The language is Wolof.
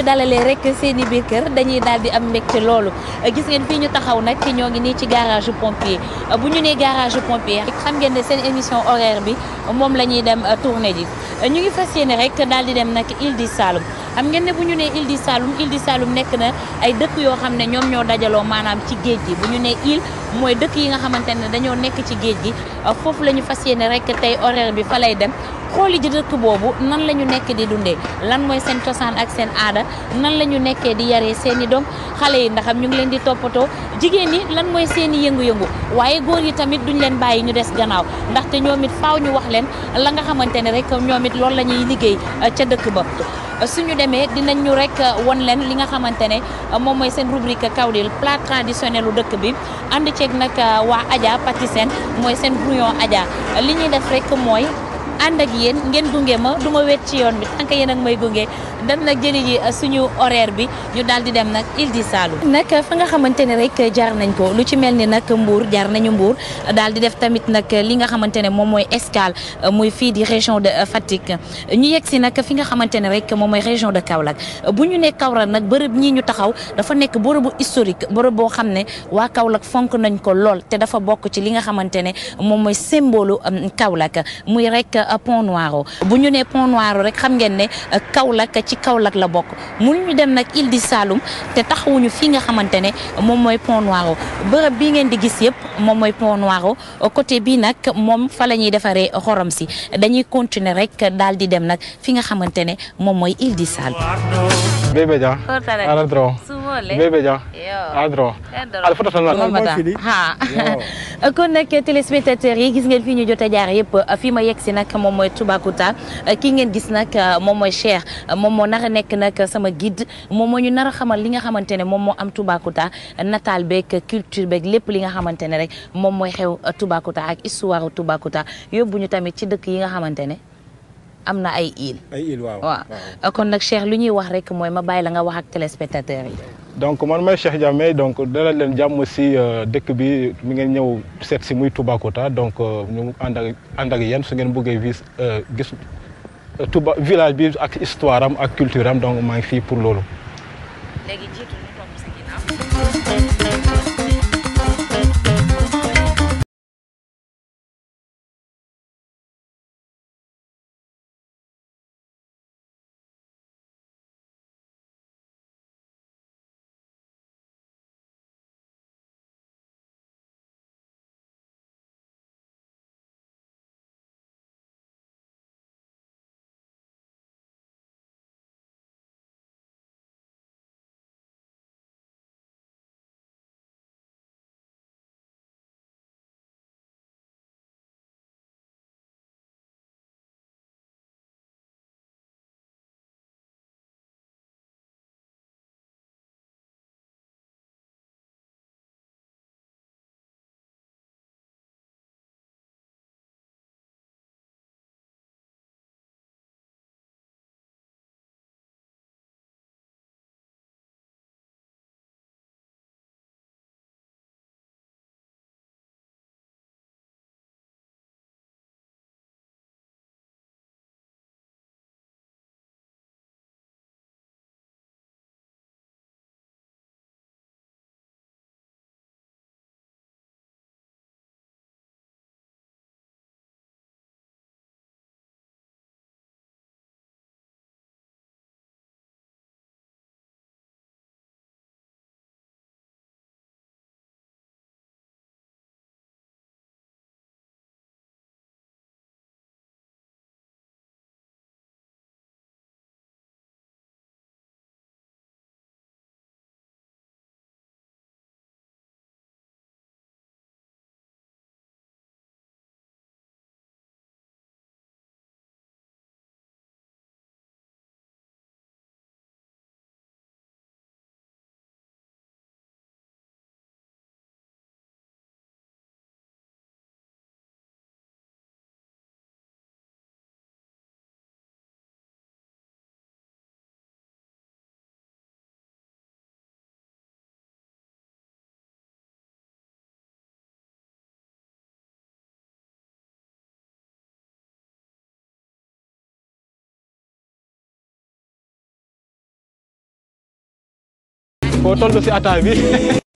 ñu dalalee rek seeni biir kër dañuy daal di am mbégte loolu gis ngeen fii ñu taxaw nag ñoo ngi nii ci garage pompier bu ñu nee garage pompier xam ngeen ne seen émission horaire bi moom la ñuy dem euh, tournée ji ñu ngi fas yéene rek daal di dem nag Île du Saloum xam ngeen ne bu ñu nee Île du Saloum Île du Saloum nekk na ay dëkk yoo xam ne ñoom ñoo dajaloo maanaam ci géej gi bu ñu nee île mooy dëkk yi nga xamante ne dañoo nekk ci géej gi euh, foofu la ñu fas yéene rek tey horaire bi fa lay dem xooli ji dëkk boobu nan la ñu nekkee di dundee lan mooy seen cosaan ak seen aada nan la ñu nekkee di yaree seen i doom xale yi ndaxam ñu ngi leen di toppatoo jigéen ñi lan mooy seen i yëngu-yëngu waaye góor yi tamit duñ leen bàyyi ñu des gannaaw ndaxte ñoom it faw ñu wax leen la nga xamante ne rek ñoom it loolu la ñuy liggéey euh, ca dëkk ba suñu demee dinañ ñu rek euh, won leen li nga xamante ne euh, moom mooy seen rubrique kawdil plat traditionnel u dëkk bi ànd ceeg nag waa Adja Patisen mooy seen brouillon Adja li ñuy def rek mooy ànd ak yéen ngeen gunge ma du ma wet ci yoon bi tant que yéen ak may gunge dem nag jëli ji uh, suñu horaire bi ñu daal di dem nag il di Saloum. nag uh, fa nga xamante ne rek uh, jaar nañ ko lu ci mel ni nag Mbour jaar nañu Mbour daal di def tamit nag li nga xamante ne moom mooy escale muy fii di région de Fatick ñu yegg si nag fi nga xamante ne rek moom mooy région de Kaolack bu ñu nee Kaolack nag bërëb ñii ñu taxaw dafa nekk bërëbu historique bërëb boo xam ne waa Kaolack fonk nañ ko lool te dafa bokk ci li nga xamante ne moom mooy symbole um, Kaolack muy rek. Euh, Pont Noir bu ñu nee Pont Noir rek xam ngeen ne euh, lak ci kaw lak la bokk mu ñu dem nag Île di Saloum te taxawuñu fii nga xamante ne moom mooy Pont Noir bërëb bi ngeen di gis yëpp moom mooy Pont Noir coté bi nag moom fa la ñuy defaree xorom si dañuy continuer rek daal di dem nag fi nga xamante ne moom mooy Île di Saloum. bébé Dia à droite kon nag téléspectateurs yi gis ngeen fii ñu jot a jaar yëpp fii ma yegg si nag moom mooy Toubacouta kii ngeen gis nag moom mooy Cheikh euh, moom moo nar a nekk nag sama guide moom moo ñu nar a xamal li nga xamante ne moom moo am Toubacouta nataal beeg culture beeg li nga xamante ne rek moom mooy xew euh, Toubacouta ak histoire Toubacouta yóbbu ñu tamit ci dëkk yi nga xamante ne am na ay île ay île waaw waaw euh, kon nag Cheikh lu ñuy wax rek mooy ma bàyyi la nga wax ak téléspectateurs yi donc man may Cheikh Diamé donc dalal leen jàmm si euh, dëkk bi mi ngeen ñëw seet si muy Toubacouta donc euh, ñu ànd ànd ak yéen su ngeen bëggee vis euh, gis Touba village bi ak histoire am ak culture am donc maa ngi fii pour loolu. boo toll si attaay bi